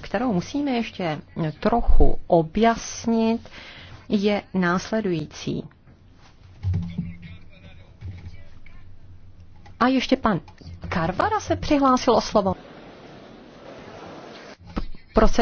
kterou musíme ještě trochu objasnit, je následující. A ještě pan Karvara se přihlásil o slovo.